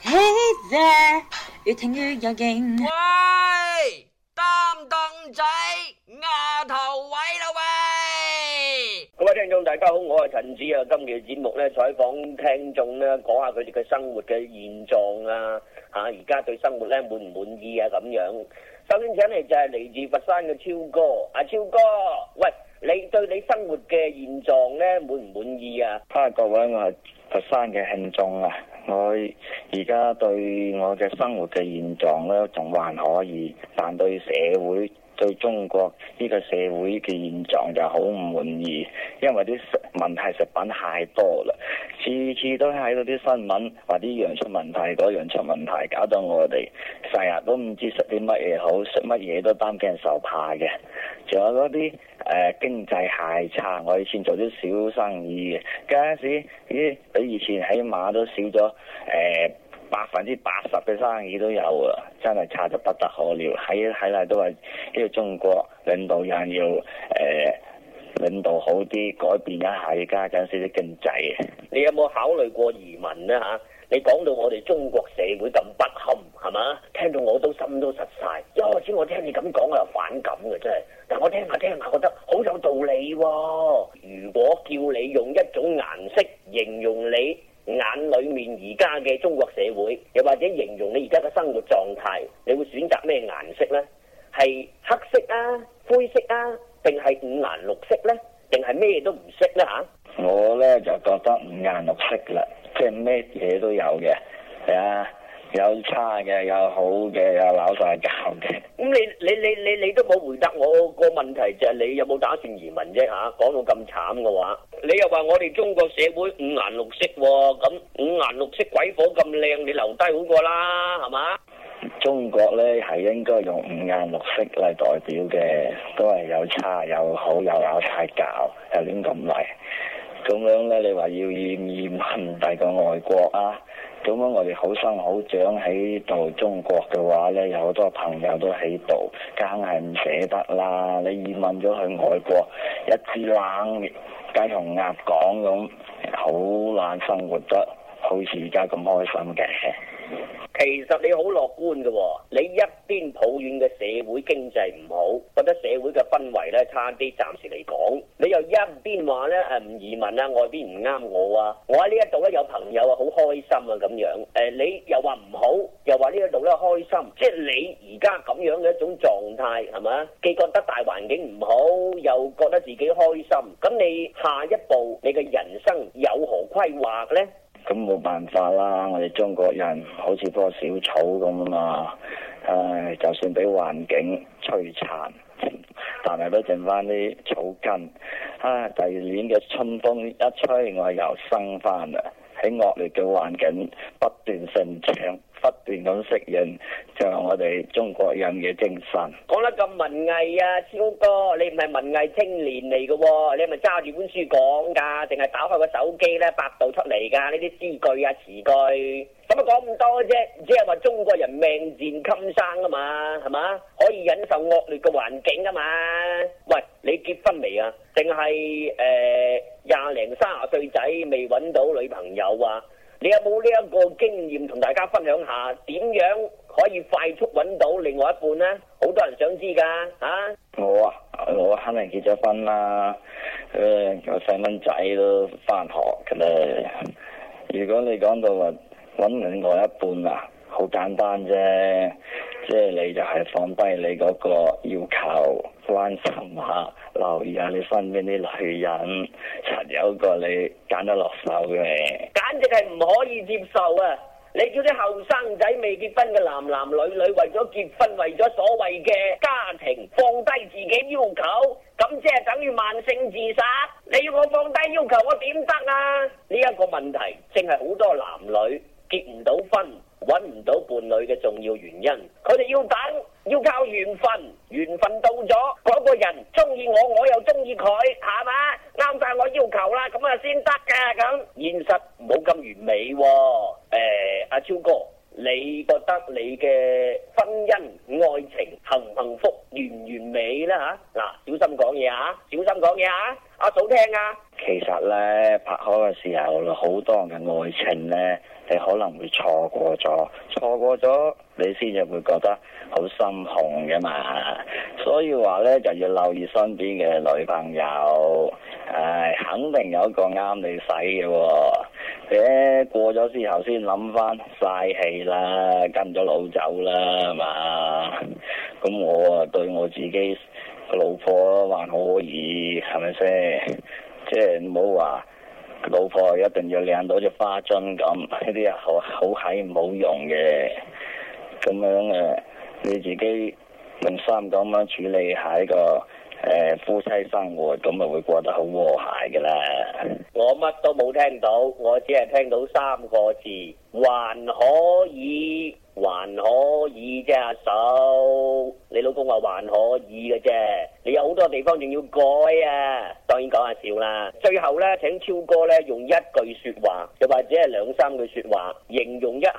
Hey there，越聽越有勁。It, 喂，擔凳仔，霸頭位啦喂。各位聽眾大家好，我係陳子啊。今期節目咧採訪聽眾咧，講下佢哋嘅生活嘅現狀啊，吓而家對生活咧滿唔滿意啊咁樣。首先請嚟就係嚟自佛山嘅超哥，阿、啊、超哥，喂，你對你生活嘅現狀咧滿唔滿意啊？哈，各位我係佛山嘅聽眾啊。我而家對我嘅生活嘅現狀咧，仲還還可以，但對社會，對中國呢個社會嘅現狀就好唔滿意，因為啲食問題食品太多啦，次次都喺度啲新聞話啲樣出問題，嗰樣出問題，搞到我哋成日都唔知食啲乜嘢好，食乜嘢都擔驚受怕嘅。仲有嗰啲誒經濟係差，我以前做啲小生意，嘅，嗰陣時咦比以前起碼都少咗誒。呃百分之八十嘅生意都有啊，真係差到不得可了。喺喺嚟都話，呢、這個中國領導人要誒、呃、領導好啲，改變一下而家緊少少經濟啊。你有冇考慮過移民咧？吓、啊，你講到我哋中國社會咁不堪，係嘛？聽到我都心都實晒。一開始我聽你咁講，我又反感嘅，真係。但我聽下、啊、聽下、啊，覺得好有道理、啊。如果叫你用一種顏色形容你？眼裏面而家嘅中國社會，又或者形容你而家嘅生活狀態，你會選擇咩顏色呢？係黑色啊、灰色啊，定係五顏六色呢？定係咩都唔識呢？吓？我呢就覺得五顏六色啦，即係咩嘢都有嘅，係啊。有差嘅，有好嘅，有拗晒撬嘅。咁你你你你你都冇回答我個問題，就係你有冇打算移民啫？吓，講到咁慘嘅話，你又話我哋中國社會五顏六色喎，咁五顏六色鬼火咁靚，你留低好過啦，係嘛？中國呢係應該用五顏六色嚟代表嘅，都係有差，有好，有拗晒撬，又啲咁嚟。咁樣呢，你話要移民，但係個外國啊？咁樣我哋好生好長喺度中國嘅話咧，有好多朋友都喺度，梗係唔捨得啦。你移民咗去外國，一支冷雞同鴨講咁，好難生活得好似而家咁開心嘅。其實你好樂觀嘅。哦，你一邊抱怨嘅社會經濟唔好，覺得社會嘅氛圍咧差啲，暫時嚟講，你又一邊話咧，誒，唔移民啦，啊，外邊唔啱我啊，我喺呢一度咧有朋友啊，好開心啊咁樣。誒、呃，你又話唔好，又話呢一度咧開心，即係你而家咁樣嘅一種狀態係咪？既覺得大環境唔好，又覺得自己開心，咁你下一步你嘅人生有何規劃呢？咁冇辦法啦，我哋中國人好似棵小草咁啊嘛！唉，就算俾環境摧殘，但係都剩翻啲草根。唉，第二年嘅春風一吹，我又生翻啦，喺惡劣嘅環境不斷成長。不斷咁適應，就係我哋中國人嘅精神。講得咁文藝啊，超哥，你唔係文藝青年嚟嘅喎，你係咪揸住本書講噶，定係打開個手機咧，百度出嚟噶呢啲詩句啊、詞句。咁啊講咁多啫，只係話中國人命賤襟生啊嘛，係嘛？可以忍受惡劣嘅環境啊嘛。喂，你結婚未啊？定係誒廿零三十歲仔未搵到女朋友啊？你有冇呢一個經驗同大家分享下？點樣可以快速揾到另外一半呢？好多人想知噶吓啊。我啊，我肯定結咗婚啦。誒，個細蚊仔都翻學嘅啦。如果你講到話揾另外一半啊，好簡單啫。即係你就係放低你嗰個要求，關心下。留意下你身邊啲女人，有冇過你揀得落手嘅？簡直係唔可以接受啊！你叫啲後生仔未結婚嘅男男女女，為咗結婚，為咗所謂嘅家庭，放低自己要求，咁即係等於慢性自殺。你要我放低要求，我點得啊？呢一個問題正係好多男女結唔到婚、揾唔到伴侶嘅重要原因，佢哋要等。要靠緣分，緣分到咗，嗰個人中意我，我又中意佢，係嘛，啱晒我要求啦，咁啊先得嘅咁。現實冇咁完美喎，誒，阿超哥，你覺得你嘅婚姻愛情幸唔幸福完唔完美呢吓？嗱，小心講嘢啊，小心講嘢啊，阿嫂聽啊。其實呢，拍開嘅時候，好多人嘅愛情呢，你可能會錯過咗，錯過咗。你先至會覺得好心痛嘅嘛，所以話咧，就要留意身邊嘅女朋友，誒、哎、肯定有一個啱你使嘅。哦，誒、哎、過咗之後先諗翻嘥氣啦，跟咗老走啦係嘛，咁我啊對我自己個老婆還可以係咪先？即係唔好話老婆一定要靚到隻花樽咁，呢啲啊好睇唔好用嘅。咁樣誒，你自己明三咁樣處理下呢個誒、呃、夫妻生活，咁咪會過得好和諧嘅啦。 我乜都冇聽到，我只係聽到三個字，還可以，還可以啫阿、啊、嫂，你老公話還可以嘅啫，你有好多地方仲要改啊。當然講下笑啦，最後咧請超哥咧用一句説話，又或者係兩三句説話，形容一下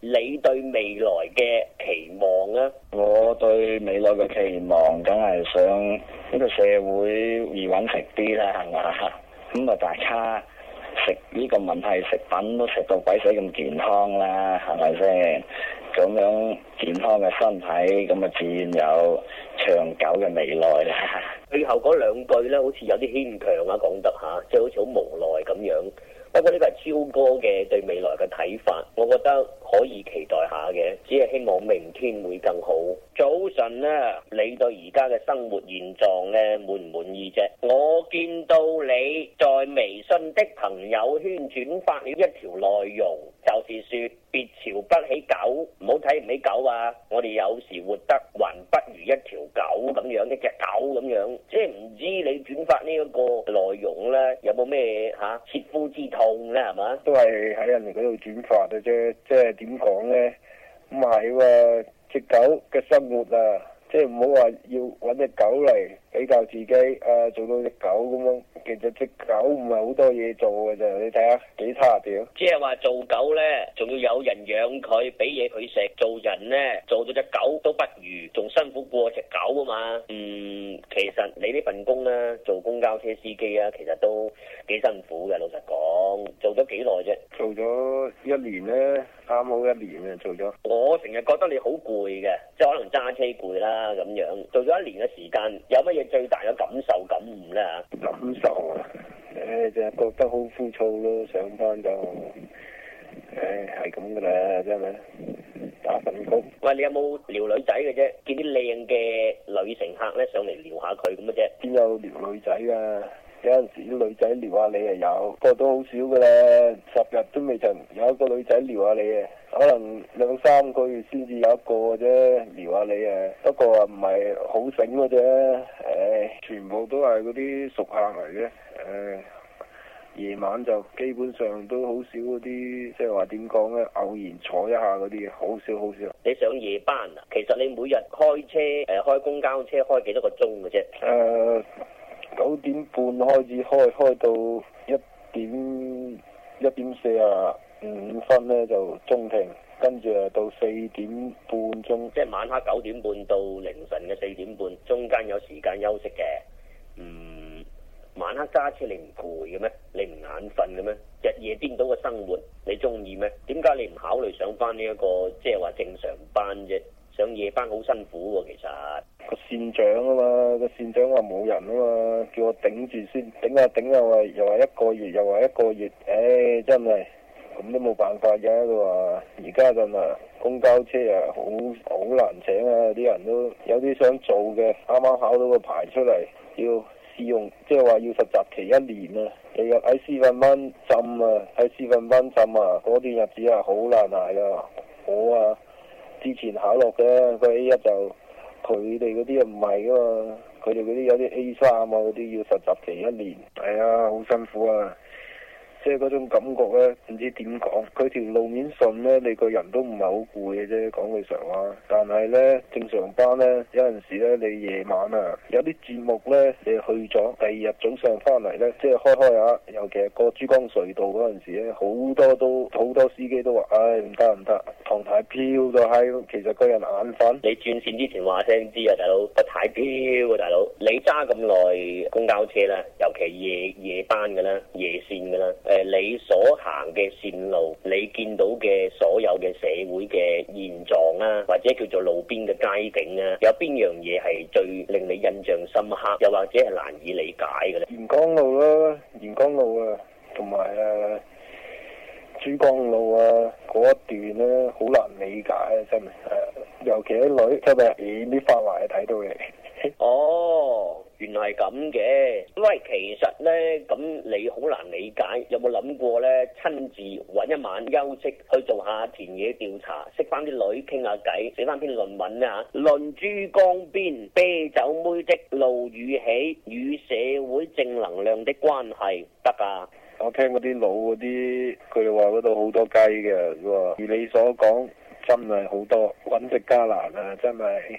你對未來嘅期望啊！我對未來嘅期望，梗係想呢個社會易揾食啲啦，係嘛？咁啊，大家食呢個問題食品都食到鬼死咁健康啦，係咪先？咁樣健康嘅身體，咁啊自然有長久嘅未來啦。最後嗰兩句咧，好似有啲牽強啊，講得下，即係好似好無奈咁樣。不過呢個係超哥嘅對未來嘅睇法，我覺得。可以期待下嘅，只係希望明天會更好。早晨啊，你對而家嘅生活現狀咧滿唔滿意啫？我見到你在微信的朋友圈轉發了一條內容，就是說別瞧不起狗，唔好睇唔起狗啊！我哋有時活得還不如一條狗咁樣，一隻狗咁樣，即係唔知你轉發呢一個內容咧，有冇咩吓切膚之痛咧？係嘛？都係喺人哋嗰度轉發嘅啫，即係。點講呢？唔係喎，隻狗嘅生活啊，即係唔好話要搵隻狗嚟比較自己啊、呃，做到隻狗咁樣。其實隻狗唔係好多嘢做嘅啫，你睇下幾差啲！即係話做狗呢，仲要有人養佢，俾嘢佢食。做人呢，做咗隻狗都不如，仲辛苦過隻狗啊嘛。嗯，其實你呢份工呢，做公交車司機啊，其實都幾辛苦嘅。老實講，做咗幾耐啫？做咗一年呢。啱好一年啊，做咗。我成日覺得你好攰嘅，即係可能揸車攰啦咁樣。做咗一年嘅時間，有乜嘢最大嘅感受、感悟啊？感受啊，誒就係覺得好枯燥咯，上班就，誒係咁噶啦，真係打份工。喂，你有冇撩女仔嘅啫？見啲靚嘅女乘客咧，上嚟撩下佢咁嘅啫。邊有撩女仔㗎？有陣時啲女仔撩下你啊，有不過都好少噶啦，十日都未曾有一個女仔撩下你啊，可能兩三個月先至有一個嘅啫撩下你啊，不過啊唔係好醒嘅啫，誒、哎、全部都係嗰啲熟客嚟嘅，誒、哎、夜晚就基本上都好少嗰啲，即係話點講咧，偶然坐一下嗰啲，好少好少。你上夜班啊？其實你每日開車誒、呃，開公交車開幾多個鐘嘅啫？誒、呃。九點半開始開，開到一點一點四啊五分咧就中停，跟住啊到四點半鐘。即係晚黑九點半到凌晨嘅四點半，中間有時間休息嘅。嗯，晚黑揸車你唔攰嘅咩？你唔眼瞓嘅咩？日夜顛倒嘅生活你中意咩？點解你唔考慮上翻呢一個即係話正常班啫。上夜班好辛苦喎，其實個線長啊嘛，個線長話冇人啊嘛，叫我頂住先，頂下頂下話又話一個月又話一個月，唉、哎，真係咁都冇辦法嘅佢話，而家真啊公交車啊好好難請啊，啲人都有啲想做嘅，啱啱考到個牌出嚟，要試用，即係話要實習期一年啊，日日喺私訓班浸啊，喺私訓班浸啊，嗰段日子啊好難挨啊，好啊。之前考落嘅佢 A 一就佢哋嗰啲唔係噶嘛，佢哋嗰啲有啲 A 三啊，嗰啲要實習期一年，係、哎、啊，好辛苦啊！即係嗰種感覺咧，唔知點講。佢條路面順咧，你個人都唔係好攰嘅啫。講句實話，但係咧正常班咧，有陣時咧你夜晚啊，有啲節目咧，你去咗第二日早上翻嚟咧，即係開開下。尤其係過珠江隧道嗰陣時咧，好多都好多司機都話，唉、哎，唔得唔得，唐太飆咗閪。其實個人眼瞓。你轉線之前話聲知啊，大佬，唔太飆啊，大佬，你揸咁耐公交車啦，尤其夜夜班嘅啦，夜線嘅啦。誒，你所行嘅綫路，你見到嘅所有嘅社會嘅現狀啊，或者叫做路邊嘅街景啊，有邊樣嘢係最令你印象深刻，又或者係難以理解嘅咧？沿江路咯，沿江路啊，同埋啊珠江路啊嗰一段咧，好難理解啊，真係，尤其啲女，真係，咦啲發壞睇到嘅。哦，原來係咁嘅。喂，其實呢，咁你好難理解。有冇諗過呢？親自揾一晚休息去做下田野調查，識翻啲女傾下偈，寫翻篇論文咧嚇？論、啊、珠江邊啤酒妹的露雨起與社會正能量的關係得啊？我聽嗰啲老嗰啲，佢哋話嗰度好多雞嘅。佢話，如你所講，真係好多揾食艱難啊，真係。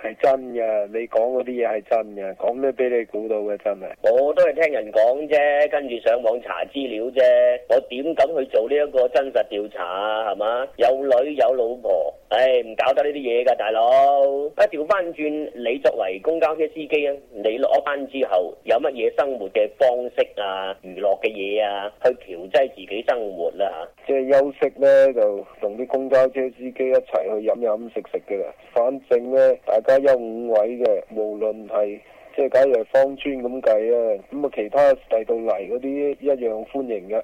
係真嘅，你講嗰啲嘢係真嘅，講咩俾你估到嘅真係？我都係聽人講啫，跟住上網查資料啫。我點敢去做呢一個真實調查啊？係嘛？有女有老婆，唉、哎，唔搞得呢啲嘢噶，大佬。一調翻轉你作為公交車司機啊，你落咗班之後有乜嘢生活嘅方式啊，娛樂嘅嘢啊，去調劑自己生活啦、啊、即係休息呢，就同啲公交車司機一齊去飲飲食食噶啦。反正呢。家有五位嘅，無論係即係假如係芳村咁計啊，咁啊其他第度嚟嗰啲一樣歡迎嘅，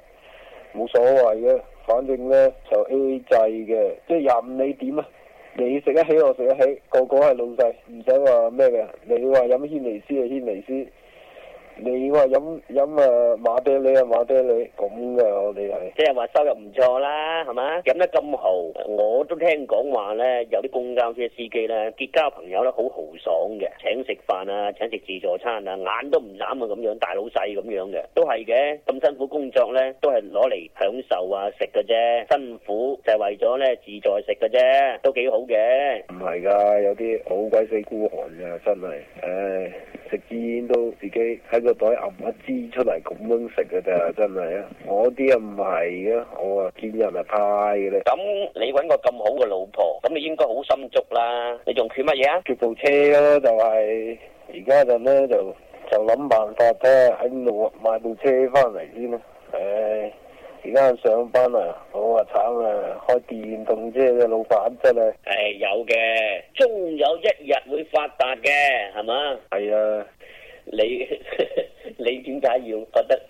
冇所謂嘅，反正呢，就 A A 制嘅，即係任你點啊，你食得起我食得起，個個係老細，唔使話咩嘅，你話飲軒尼詩，就軒尼詩。你話飲飲啊馬爹利啊馬爹利咁嘅我哋係，即係話收入唔錯啦，係嘛飲得咁豪，我都聽講話咧，有啲公交車司機咧結交朋友咧好豪爽嘅，請食飯啊，請食自助餐啊，眼都唔眨啊咁樣大老細咁樣嘅，都係嘅，咁辛苦工作咧都係攞嚟享受啊食嘅啫，辛苦就係為咗咧自在食嘅啫，都幾好嘅。唔係噶，有啲好鬼死孤寒噶，真係，唉。食煙都自己喺個袋揞一支出嚟咁樣食㗎咋，真係啊！我啲又唔係啊。我啊見啲人啊派嘅咧。咁你揾個咁好嘅老婆，咁你應該好心足啦，你仲缺乜嘢啊？缺部車咯，就是，就係而家陣咧就就諗辦法睇下喺度買部車翻嚟先啊！唉。而家上班啊，好啊慘啊，開電動車嘅老闆真係，誒、哎，有嘅，終有一日會發達嘅，係嘛？係啊，你 你點解要覺得？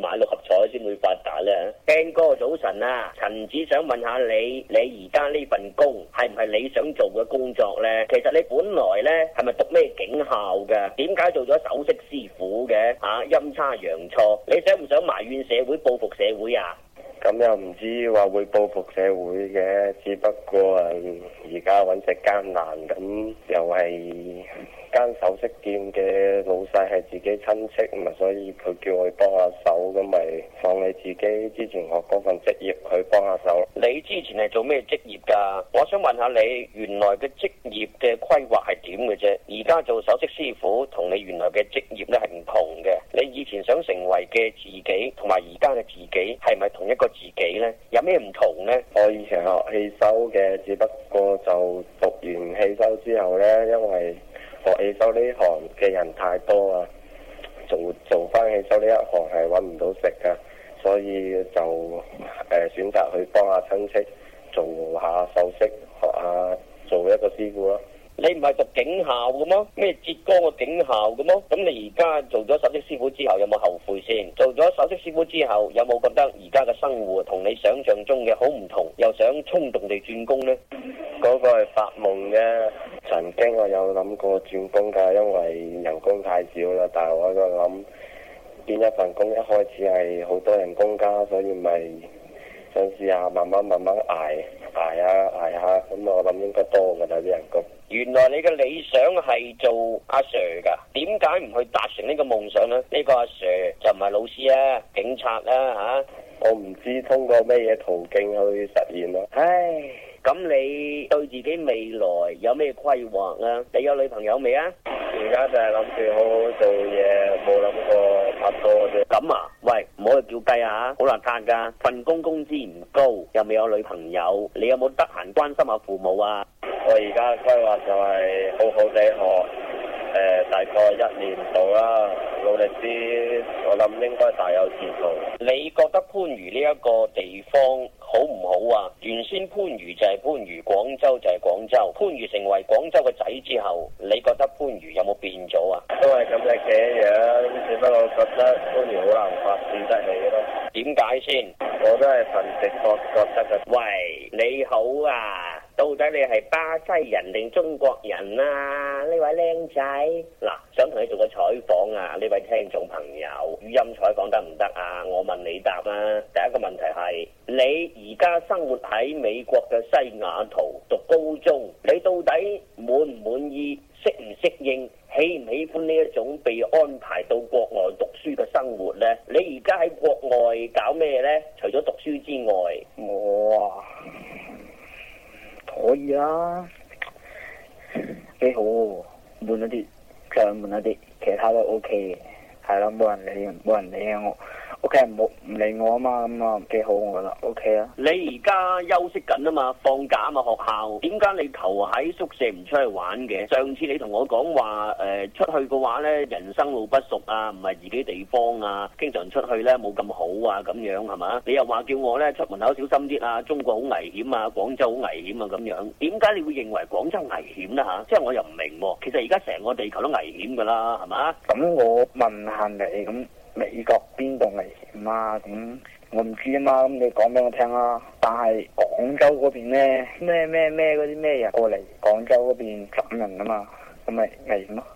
買六合彩先會發達咧，Ben 哥早晨啊，陳子想問下你，你而家呢份工係唔係你想做嘅工作呢？其實你本來呢係咪讀咩警校嘅？點解做咗首飾師傅嘅？吓、啊、陰差陽錯，你想唔想埋怨社會報復社會啊？咁又唔知話會報復社會嘅，只不過係而家揾食艱難，咁又係間首飾店嘅老細係自己親戚，咪所以佢叫我去幫下手，咁咪放你自己之前學份職業去幫下手。你之前係做咩職業噶？我想問下你原，你原來嘅職業嘅規劃係點嘅啫？而家做首飾師傅同你原來嘅職業咧係唔同嘅。你以前想成為嘅自己同埋而家嘅自己係咪同一個？自己呢有咩唔同呢？我以前學汽修嘅，只不過就讀完汽修之後呢，因為學汽修呢行嘅人太多啊，做做翻汽修呢一行係揾唔到食噶，所以就誒、呃、選擇去幫下親戚做下首飾，學下做一個師傅咯。你唔係讀警校嘅咩？咩浙江嘅警校嘅咩？咁你而家做咗首飾師傅之後有冇後悔先？做咗首飾師傅之後有冇覺得而家嘅生活同你想象中嘅好唔同？又想衝動地轉工呢？嗰個係發夢嘅，曾經我有諗過轉工噶，因為人工太少啦。但係我喺度諗邊一份工一開始係好多人工加，所以咪。想試下慢慢慢慢挨挨下挨下，咁我諗應該多噶啦啲人工。原來你嘅理想係做阿 Sir 噶，點解唔去達成呢個夢想呢？呢、呢個阿 Sir 就唔係老師啊，警察啦、啊、吓。啊、我唔知通過咩嘢途徑去實現咯、啊。唉，咁你對自己未來有咩規劃啊？你有女朋友未啊？而家就係諗住好好做嘢，冇諗過拍拖。我哋叫雞啊，好難嘆噶，份工工資唔高，又未有女朋友，你有冇得閒關心下父母啊？我而家嘅規劃就係好好地學，誒、呃，大概一年度啦，努力啲，我諗應該大有前途。你覺得番禺呢一個地方好唔好啊？原先番禺就係番禺，廣州就係廣州。番禺成為廣州嘅仔之後，你覺得番禺有冇變咗啊？都係咁嘅樣，樣，只不過覺得番禺好難發展得嚟咯。點解先？我都係憑直覺覺得嘅。喂，你好啊！到底你係巴西人定中國人啊？呢位靚仔，嗱，想同你做個採訪啊！呢位聽眾朋友，語音採訪得唔得啊？我問你答啦、啊。第一個問題係：你而家生活喺美國嘅西雅圖讀高中，你到底滿唔滿意、適唔適應、喜唔喜歡呢一種被安排到國外讀書嘅生活呢？你而家喺國外搞咩呢？除咗讀書之外，我啊。可以啊，幾、 哎、好，悶一啲，再悶一啲，其他都 O K 嘅，係咯，冇人理，冇人理我。O K，唔好唔理我啊嘛，咁啊幾好，我覺得 OK 啊。你而家休息緊啊嘛，放假啊嘛，學校。點解你求喺宿舍唔出去玩嘅？上次你同我講話誒，出去嘅話咧，人生路不熟啊，唔係自己地方啊，經常出去咧冇咁好啊，咁樣係嘛？你又話叫我咧出門口小心啲啊，中國好危險啊，廣州好危險啊，咁樣。點解你會認為廣州危險啦吓？即係我又唔明啊。其實而家成個地球都危險噶啦，係嘛？咁，嗯，我問下你咁。美國邊度危險啊？咁、嗯、我唔知啊嘛，咁、嗯、你講俾我聽啊！但係廣州嗰邊咧，咩咩咩嗰啲咩人過嚟廣州嗰邊斬人啊嘛，咁、嗯、咪危險咯、啊？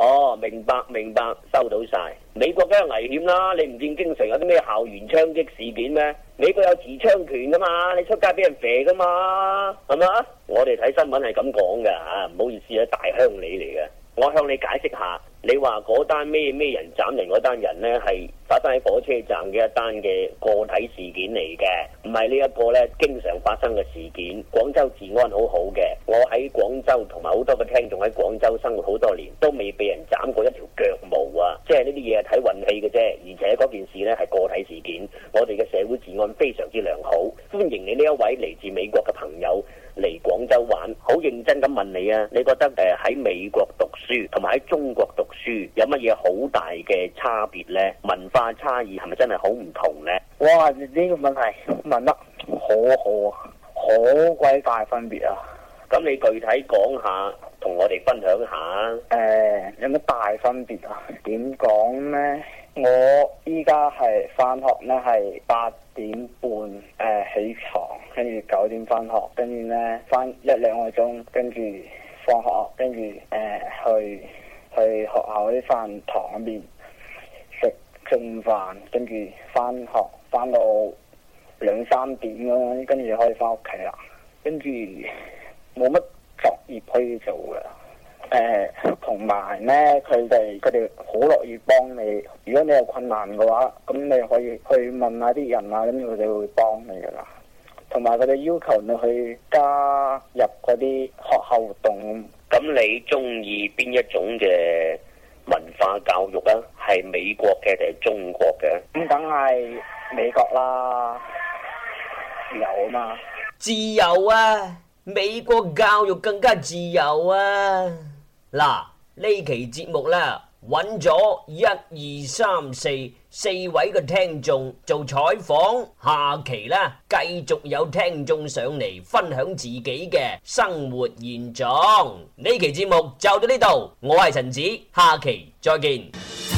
哦，明白明白，收到晒。美國梗係危險啦、啊，你唔見經常有啲咩校園槍擊事件咩？美國有持槍權噶嘛，你出街俾人射噶嘛，係咪啊？我哋睇新聞係咁講噶吓，唔、啊、好意思啊，大鄉里嚟嘅，我向你解釋下。你話嗰單咩咩人斬人嗰單人呢係發生喺火車站嘅一單嘅個體事件嚟嘅，唔係呢一個呢經常發生嘅事件。廣州治安好好嘅，我喺廣州同埋好多嘅聽眾喺廣州生活好多年，都未被人斬過一條腳毛啊！即係呢啲嘢係睇運氣嘅啫，而且嗰件事呢係個體事件，我哋嘅社會治安非常之良好。歡迎你呢一位嚟自美國嘅朋友。嚟廣州玩，好認真咁問你啊！你覺得誒喺美國讀書同埋喺中國讀書有乜嘢好大嘅差別呢？文化差異係咪真係好唔同呢？哇！呢個問題問得好好啊，好鬼大分別啊！咁你具體講下，同我哋分享下啊！誒！有乜大分別啊？點講呢？我依家係翻學咧，係八點半誒、呃、起床，跟住九點翻學，跟住咧翻一兩個鐘，跟住放學，跟住誒去去學校啲飯堂嗰邊食中午飯，跟住翻學翻到兩三點咁樣，跟住就可以翻屋企啦。跟住冇乜作業可以做嘅。誒，同埋咧，佢哋佢哋好樂意幫你。如果你有困難嘅話，咁你可以去問下啲人啊，咁佢哋會幫你噶啦。同埋佢哋要求你去加入嗰啲學校活動。咁你中意邊一種嘅文化教育啊？係美國嘅定係中國嘅？咁梗係美國啦，自由嘛！自由啊！美國教育更加自由啊！嗱，呢期節目呢，搵咗一二三四四位嘅聽眾做採訪，下期呢，繼續有聽眾上嚟分享自己嘅生活現狀。呢期節目就到呢度，我係陳子，下期再見。